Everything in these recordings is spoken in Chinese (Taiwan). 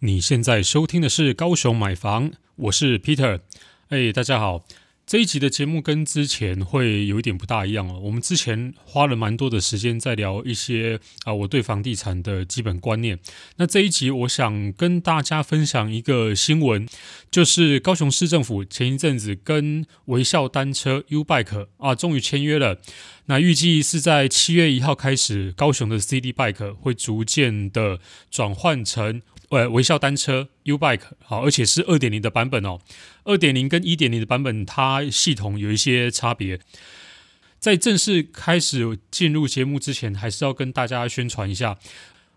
你現在收聽的是《高雄買房》，我是 Peter。哎、欸，大家好，這一集的節目跟之前會有一點不大一樣哦。我們之前花了蠻多的時間在聊一些啊，我對房地產的基本觀念。那這一集我想跟大家分享一個新聞，就是高雄市政府前一陣子跟微笑單車 U Bike 啊，終於簽約了。那預計是在七月一號開始，高雄的 City Bike 會逐漸的轉換成。呃，微笑單車，Ubike，好，U、bike, 而且是二點零的版本哦。二點零跟一點零的版本，它系統有一些差別。在正式開始進入節目之前，還是要跟大家宣傳一下，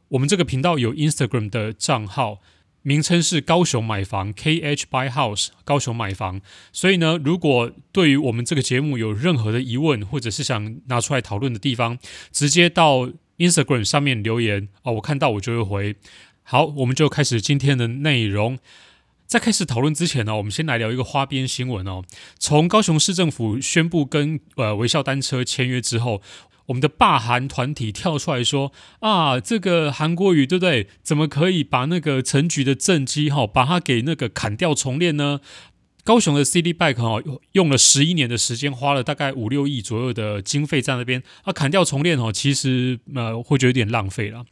我們這個頻道有 Instagram 的賬號，名稱是高雄買房 KH Buy House，高雄買房。所以呢，如果對於我們這個節目有任何的疑問，或者是想拿出來討論的地方，直接到 Instagram 上面留言啊，我看到我就會回。好，我們就開始今天的內容。在開始討論之前呢、哦，我們先來聊一個花邊新聞哦。從高雄市政府宣布跟呃微笑單車簽約之後，我們的罷韓團體跳出來說啊，這個韓國瑜對不對，對？怎麼可以把那個陳菊的政績哈、哦，把它給那個砍掉重練呢？高雄的 City Bike，哦，用了十一年的時間，花了大概五六億左右的經費在那邊，啊，砍掉重練哦，其實呃會覺得有點浪費了。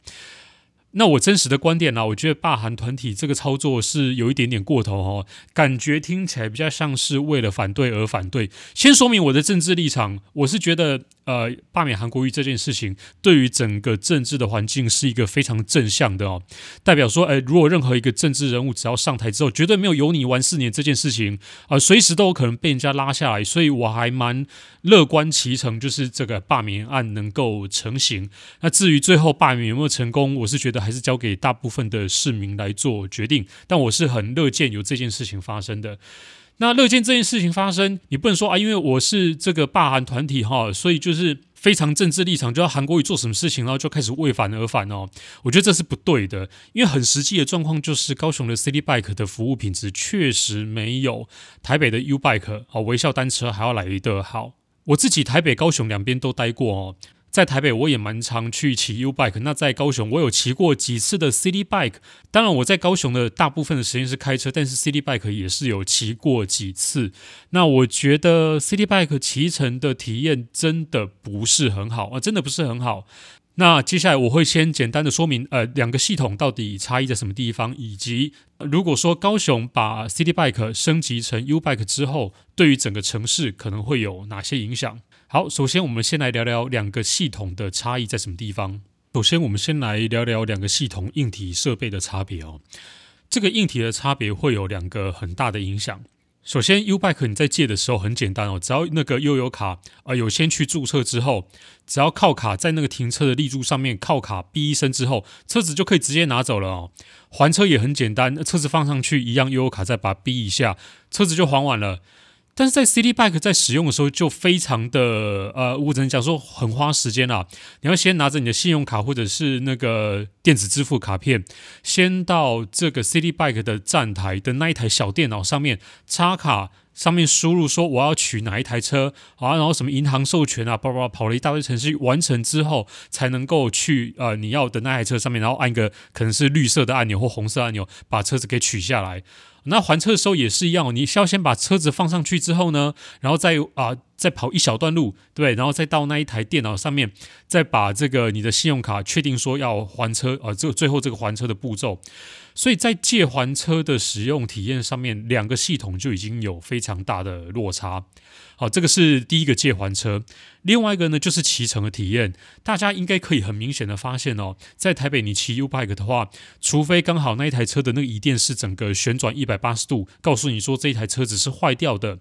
那我真實的觀點呢、啊？我覺得罷韓團體這個操作是有一點點過頭哦，感覺聽起來比較像是為了反對而反對。先說明我的政治立場，我是覺得呃，罷免韓國瑜這件事情對於整個政治的環境是一個非常正向的哦，代表說，哎、呃，如果任何一個政治人物只要上台之後，絕對沒有由你玩四年這件事情啊、呃，隨時都有可能被人家拉下來，所以我還蠻樂觀其成，就是這個罷免案能夠成型。那至於最後罷免有沒有成功，我是覺得。還是交給大部分的市民來做決定，但我是很樂見有這件事情發生的。那樂見這件事情發生，你不能說啊，因為我是這個罷韓團體哈，所以就是非常政治立場，就要韓國瑜做什麼事情，然後就開始為反而反哦。我覺得這是不對的，因為很實際的狀況就是，高雄的 City Bike 的服務品質確實沒有台北的 U Bike 好，微笑單車還要來得好。我自己台北、高雄兩邊都待過哦。在台北我也蠻常去騎 U bike，那在高雄我有騎過幾次的 City bike。當然我在高雄的大部分的時間是開車，但是 City bike 也是有騎過幾次。那我覺得 City bike 騎乘的體驗真的不是很好啊，真的不是很好。那接下來我會先簡單的說明，呃，兩個系統到底差異在什麼地方，以及如果說高雄把 City bike 升級成 U bike 之後，對於整個城市可能會有哪些影響？好，首先我們先來聊聊兩個系統的差異在什麼地方。首先，我們先來聊聊兩個系統硬體設備的差別哦。這個硬體的差別會有兩個很大的影響。首先，Ubike 你在借的時候很簡單哦，只要那個悠遊卡啊有先去註冊之後，只要靠卡在那個停車的立柱上面靠卡嗶一聲之後，車子就可以直接拿走了哦。還車也很簡單，車子放上去一樣，悠遊卡再把嗶一下，車子就還完了。但是在 City Bike 在使用的時候就非常的呃，我只能講說很花時間啊！你要先拿着你的信用卡或者是那個電子支付卡片，先到這個 City Bike 的站台的那一台小電腦上面插卡，上面輸入說我要取哪一台車啊，然後什麼銀行授權啊，叭叭，跑了一大堆程序，完成之後才能夠去，呃，你要的那台車上面，然後按個可能是綠色的按鈕或紅色的按鈕，把車子給取下來。那還車的時候也是一樣哦，你需要先把車子放上去之後呢，然後再有啊。再跑一小段路，對，對，然後再到那一台電腦上面，再把這個你的信用卡確定說要還車，啊、呃，這最後這個還車的步驟，所以在借還車的使用體驗上面，兩個系統就已經有非常大的落差。好，這個是第一個借還車，另外一個呢就是騎乘的體驗，大家應該可以很明顯的發現哦，在台北你騎 Ubike 的話，除非剛好那一台車的那個椅墊是整個旋轉一百八十度，告訴你說這一台車子是壞掉的。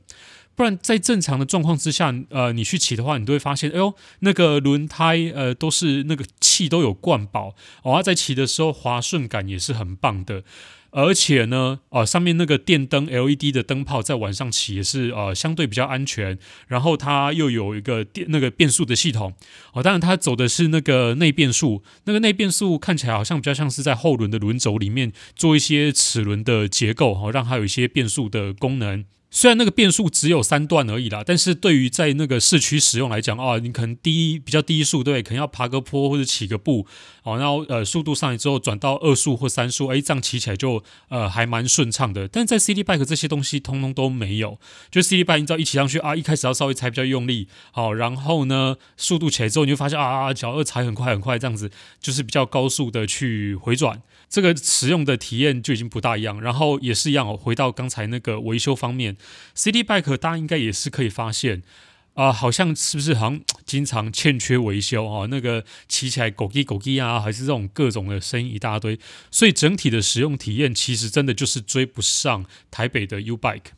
不然，在正常的狀況之下，呃，你去騎的話，你都會發現，哎呦，那個輪胎，呃，都是那個氣都有灌飽，哦，它在騎的時候滑順感也是很棒的，而且呢，啊，呃，上面那個電燈 LED 的燈泡在晚上騎也是呃，相對比較安全，然後它又有一個電那個變速的系統，哦，當然它走的是那個內變速，那個內變速看起來好像比較像是在後輪的輪軸裡面做一些齒輪的結構，哈，哦，讓它有一些變速的功能。雖然那個變速只有三段而已啦，但是對於在那個市區使用來講啊，你可能低比較低速對，可能要爬個坡或者起個步，好，然後呃速度上來之後轉到二速或三速，哎、欸，這樣騎起來就呃還蠻順暢的。但是在 City Bike 這些東西通通都沒有，就 City Bike 你知道一騎上去啊，一開始要稍微踩比較用力，好，然後呢速度起來之後你就發現啊啊腳要踩很快很快，這樣子就是比較高速的去回轉，這個使用的體驗就已經不大一樣。然後也是一樣哦，回到剛才那個維修方面。City Bike 大家應該也是可以發現啊、呃，好像是不是好像經常欠缺維修哦，那個騎起來狗滴狗滴啊，還是這種各種的聲音一大堆，所以整體的使用體驗其實真的就是追不上台北的 U bike。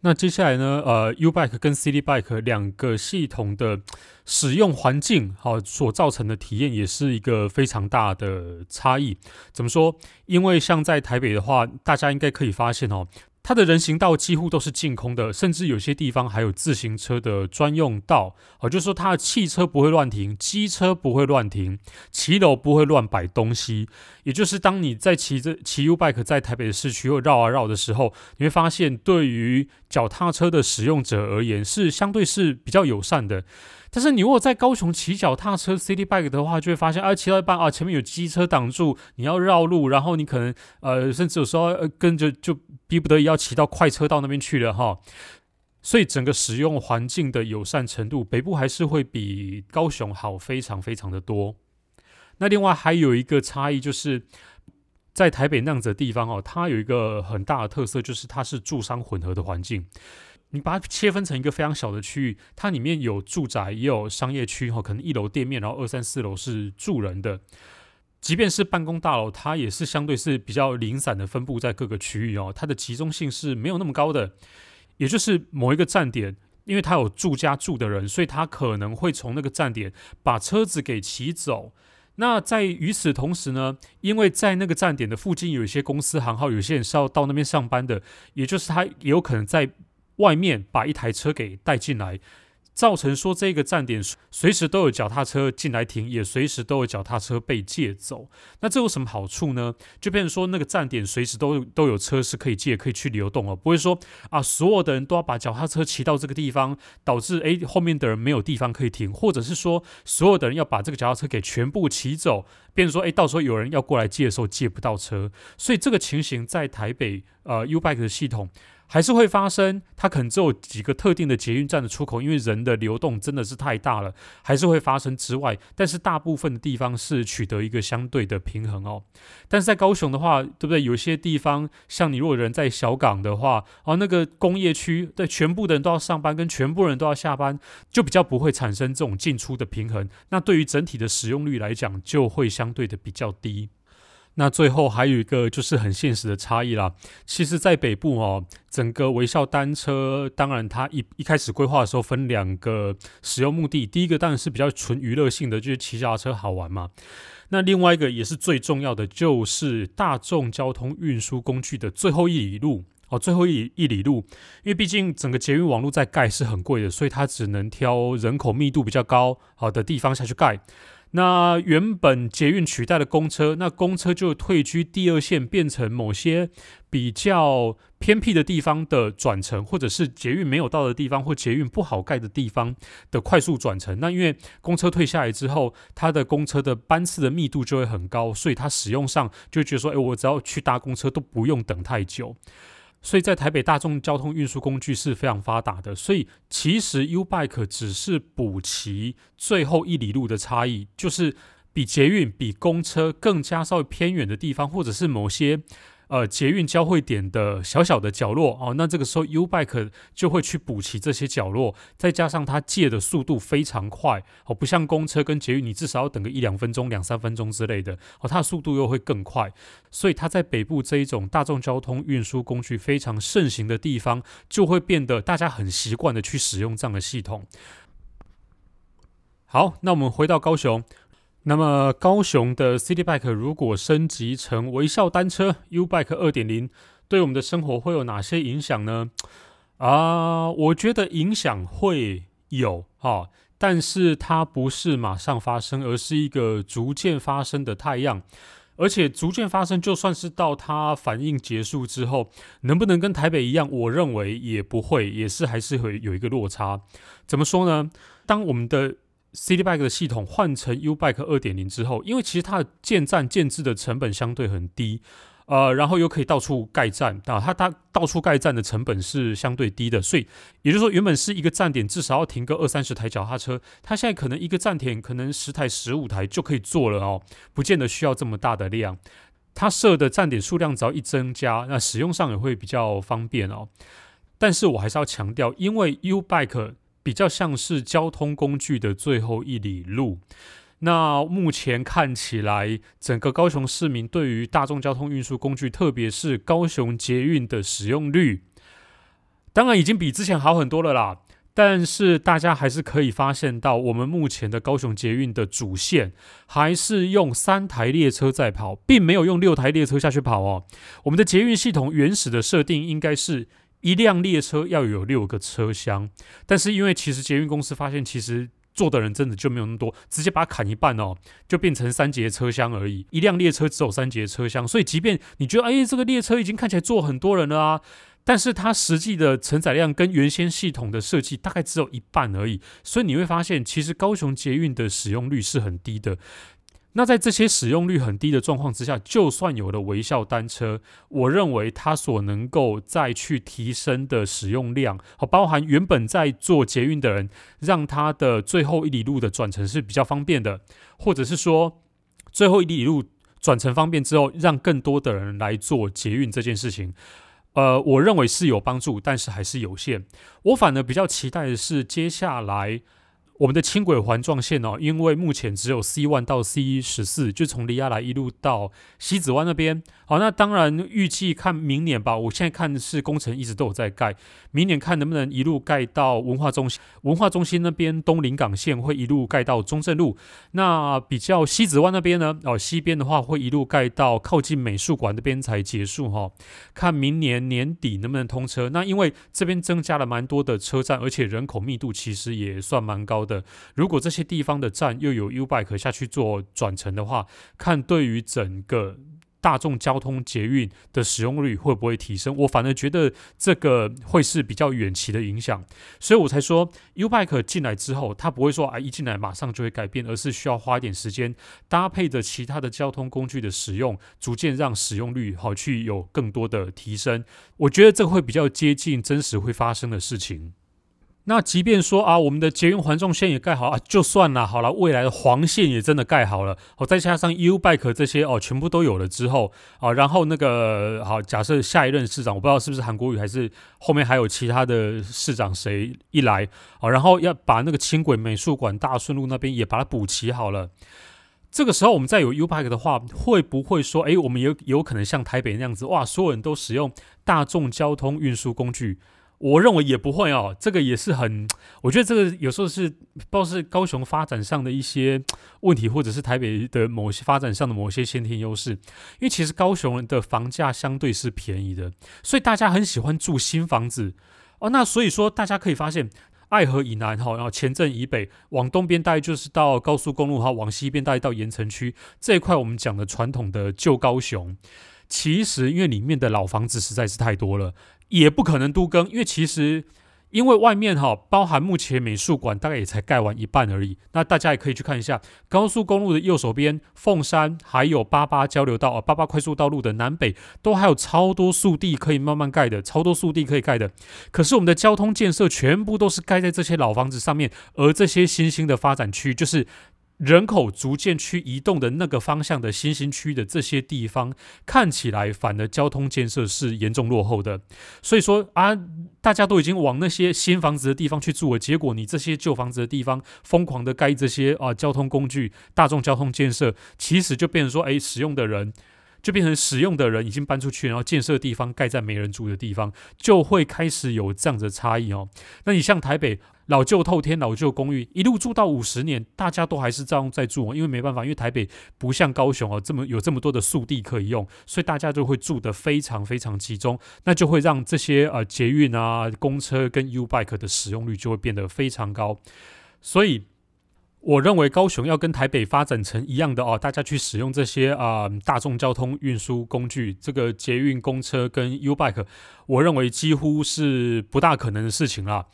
那接下來呢，呃，U bike 跟 City Bike 兩個系統的使用環境好、哦、所造成的體驗也是一個非常大的差異。怎麼說？因為像在台北的話，大家應該可以發現哦。它的人行道幾乎都是淨空的，甚至有些地方還有自行車的專用道。好、呃，就是說它的汽車不會亂停，機車不會亂停，騎樓不會亂擺東西。也就是當你在騎着、騎 Ubike 在台北市區又繞啊繞的時候，你會發現，對於腳踏車的使用者而言，是相對是比較友善的。但是你如果在高雄騎腳踏車 City Bike 的話，就會發現，啊，騎到一半啊，前面有機車擋住，你要繞路，然後你可能呃，甚至有時候、呃、跟着就逼不得已要騎到快車道那邊去了哈。所以整個使用環境的友善程度，北部還是會比高雄好非常非常的多。那另外還有一個差異就是，在台北那樣子的地方哦，它有一個很大的特色，就是它是住商混合的環境。你把它切分成一個非常小的區域，它裡面有住宅，也有商業區哈。可能一樓店面，然後二三四樓是住人的。即便是辦公大樓，它也是相對是比較零散的分布在各個區域哦。它的集中性是沒有那麼高的。也就是某一個站點，因為它有住家住的人，所以它可能會從那個站點把車子給騎走。那在與此同時呢，因為在那個站點的附近有一些公司、行號，有些人是要到那邊上班的，也就是他也有可能在外面把一台車給帶進來，造成說，這個站點隨時都有腳踏車進來停，也隨時都有腳踏車被借走。那這有什麼好處呢？就變成說那個站點隨時都都有車是可以借、可以去流動了，不會說啊所有的人都要把腳踏車騎到這個地方，導致誒、欸，後面的人沒有地方可以停，或者是說所有的人要把這個腳踏車給全部騎走，變成說誒、欸，到時候有人要過來借的時候借不到車。所以這個情形在台北呃 U-bike 的系統，還是會發生，它可能只有幾個特定的捷運站的出口，因為人的流動真的是太大了，還是會發生之外。但是大部分的地方是取得一個相對的平衡哦。但是在高雄的話，對不對？有些地方像你如果人在小港的話，啊、哦，那個工業區，對全部的人都要上班，跟全部的人都要下班，就比較不會產生這種進出的平衡。那對於整體的使用率來講，就會相對的比較低。那最後還有一個就是很現實的差異啦。其實，在北部哦，整個微笑單車，當然它一一開始規劃的時候分兩個使用目的。第一個當然是比較純娛樂性的，就是騎腳踏車好玩嘛。那另外一個也是最重要的，就是大眾交通運輸工具的最後一里路哦，最後一一里路，因為畢竟整個捷運網絡在蓋是很貴的，所以它只能挑人口密度比較高好的地方下去蓋。那原本捷運取代的公車，那公車就退居第二線，變成某些比較偏僻的地方的轉乘，或者是捷運沒有到的地方，或捷運不好蓋的地方的快速轉乘。那因為公車退下來之後，它的公車的班次的密度就會很高，所以它使用上就覺得說，哎、欸，我只要去搭公車都不用等太久。所以在台北大眾交通運輸工具是非常發達的，所以其實 Ubike 只是補齊最後一里路的差異，就是比捷運、比公車更加稍微偏遠的地方，或者是某些。呃，捷運交會點的小小的角落哦，那這個時候，Ubike 就會去補齊這些角落，再加上它借的速度非常快哦，不像公車跟捷運，你至少要等個一兩分鐘、兩三分鐘之類的，哦，它的速度又會更快，所以它在北部這一種大眾交通運輸工具非常盛行的地方，就會變得大家很習慣的去使用這樣的系統。好，那我們回到高雄。那麼，高雄的 City Bike 如果升級成微笑單車 U Bike 二點零，對我們的生活會有哪些影響呢？啊、uh，我覺得影響會有哈，但是它不是馬上發生，而是一個逐漸發生的太陽，而且逐漸發生，就算是到它反應結束之後，能不能跟台北一樣？我認為也不會，也是還是會有一個落差。怎麼說呢？當我們的 City Bike 的系統換成 U Bike 二點零之後，因為其實它的建站建置的成本相對很低，呃，然後又可以到處蓋站，啊，它它到處蓋站的成本是相對低的，所以也就是說，原本是一個站點至少要停個二三十台腳踏車，它現在可能一個站點可能十台十五台就可以做了哦，不見得需要這麼大的量。它設的站點數量只要一增加，那使用上也會比較方便哦。但是我還是要強調，因為 U Bike。比較像是交通工具的最後一里路。那目前看起來，整個高雄市民對於大眾交通運輸工具，特別是高雄捷運的使用率，當然已經比之前好很多了啦。但是大家還是可以發現到，我們目前的高雄捷運的主線還是用三台列車在跑，並沒有用六台列車下去跑哦。我們的捷運系統原始的設定應該是。一輛列車要有六個車廂，但是因為其實捷運公司發現，其實坐的人真的就沒有那麼多，直接把它砍一半哦，就變成三節車廂而已。一輛列車只有三節車廂，所以即便你覺得哎，這個列車已經看起來坐很多人了啊，但是它實際的承載量跟原先系統的設計大概只有一半而已。所以你會發現，其實高雄捷運的使用率是很低的。那在這些使用率很低的狀況之下，就算有了微笑單車，我認為它所能夠再去提升的使用量，好，包含原本在做捷運的人，讓他的最後一里路的轉乘是比較方便的，或者是說最後一里路轉乘方便之後，讓更多的人來做捷運這件事情，呃，我認為是有幫助，但是還是有限。我反而比較期待的是接下來。我們的輕軌環狀線哦，因為目前只有 C1 到 C14，就從里亞來一路到西子灣那邊。好，那當然預計看明年吧。我現在看是工程一直都有在蓋，明年看能不能一路蓋到文化中心。文化中心那邊東臨港線會一路蓋到中正路。那比較西子灣那邊呢？哦，西邊的話會一路蓋到靠近美術館那邊才結束哈、哦。看明年年底能不能通車？那因為這邊增加了蠻多的車站，而且人口密度其實也算蠻高的。的，如果這些地方的站又有 Ubike 下去做轉乘的話，看對於整個大眾交通捷運的使用率會不會提升？我反而覺得這個會是比較遠期的影響，所以我才說 Ubike 進來之後，它不會說啊一進來馬上就會改變，而是需要花一點時間搭配着其他的交通工具的使用，逐漸讓使用率好去有更多的提升。我覺得這會比較接近真實會發生的事情。那即便說啊，我們的捷運環狀線也蓋好啊，就算了，好了，未來的黃線也真的蓋好了，好、哦，再加上 Ubike 這些哦，全部都有了之後，啊，然後那個好，假設下一任市長，我不知道是不是韓國瑜還是後面還有其他的市長誰一來，啊，然後要把那個輕軌美術館大順路那邊也把它補齊好了，這個時候我們再有 Ubike 的話，會不會說，哎，我們也有，有可能像台北那樣子，哇，所有人都使用大眾交通運輸工具？我認為也不會哦，這個也是很，我覺得這個有時候是，不知道是高雄發展上的一些問題，或者是台北的某些發展上的某些先天優勢。因為其實高雄的房價相對是便宜的，所以大家很喜歡住新房子。哦，那所以說大家可以發現，愛河以南哈，然後前鎮以北，往東邊大概就是到高速公路哈，往西邊大概到鹽埕區這一塊，我們講的傳統的舊高雄，其實因為裡面的老房子實在是太多了。也不可能都更，因為其實，因為外面哈，包含目前美術館大概也才蓋完一半而已。那大家也可以去看一下，高速公路的右手邊，鳳山還有八八交流道啊，哦，八八快速道路的南北都還有超多素地可以慢慢蓋的，超多素地可以蓋的。可是我們的交通建設全部都是蓋在這些老房子上面，而這些新興的發展區就是。人口逐漸去移動的那個方向的新興區的這些地方，看起來反而交通建設是嚴重落後的。所以說啊，大家都已經往那些新房子的地方去住了，結果你這些舊房子的地方瘋狂的蓋這些啊交通工具、大眾交通建設，其實就變成說，哎、欸，使用的人。就變成使用的人已經搬出去，然後建設的地方蓋在沒人住的地方，就會開始有這樣的差異哦。那你像台北老舊透天、老舊公寓一路住到五十年，大家都還是照樣在住、喔，因為沒辦法，因為台北不像高雄哦、喔、這麼有這麼多的速地可以用，所以大家就會住得非常非常集中，那就會讓這些呃捷運啊、公車跟 Ubike 的使用率就會變得非常高，所以。我認為高雄要跟台北發展成一樣的哦，大家去使用這些啊大眾交通運輸工具，這個捷運、公車跟 U-Bike，我認為幾乎是不大可能的事情啦。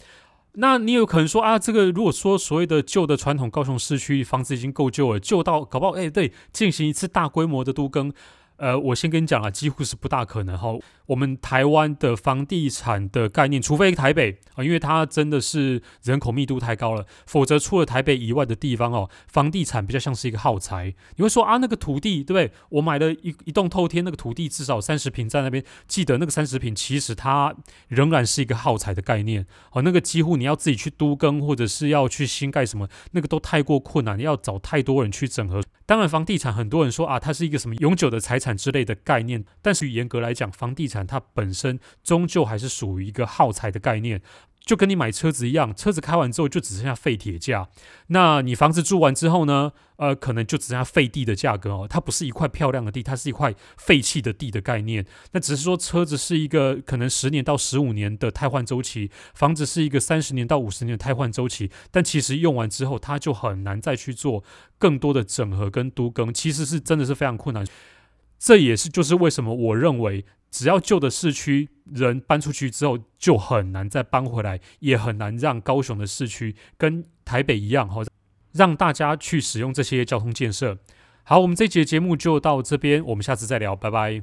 那你有可能說啊，這個如果說所謂的舊的傳統高雄市區房子已經夠舊了，舊到搞不好哎，對，進行一次大規模的都更。呃，我先跟你講啊，幾乎是不大可能哈。我們台灣的房地產的概念，除非台北啊，因為它真的是人口密度太高了，否則除了台北以外的地方哦，房地產比較像是一個耗材。你會說啊，那個土地，對不對？我買了一一棟透天，那個土地至少三十坪，在那邊記得那個三十坪，其實它仍然是一個耗材的概念哦、啊。那個幾乎你要自己去都更，或者是要去新蓋什麼，那個都太過困難，你要找太多人去整合。當然，房地產很多人說啊，它是一個什麼永久的財產之類的概念，但是嚴格來講，房地產它本身終究還是屬於一個耗材的概念。就跟你買車子一樣，車子開完之後就只剩下廢鐵價。那你房子住完之後呢？呃，可能就只剩下廢地的價格哦。它不是一塊漂亮的地，它是一塊廢棄的地的概念。那只是說，車子是一個可能十年到十五年的汰換週期，房子是一個三十年到五十年的汰換週期。但其實用完之後，它就很難再去做更多的整合跟都更，其實是真的是非常困難。這也是就是為什麼我認為。只要舊的市區人搬出去之後，就很難再搬回來，也很難讓高雄的市區跟台北一樣。好，讓大家去使用這些交通建設。好，我們這節節目就到這邊，我們下次再聊，拜拜。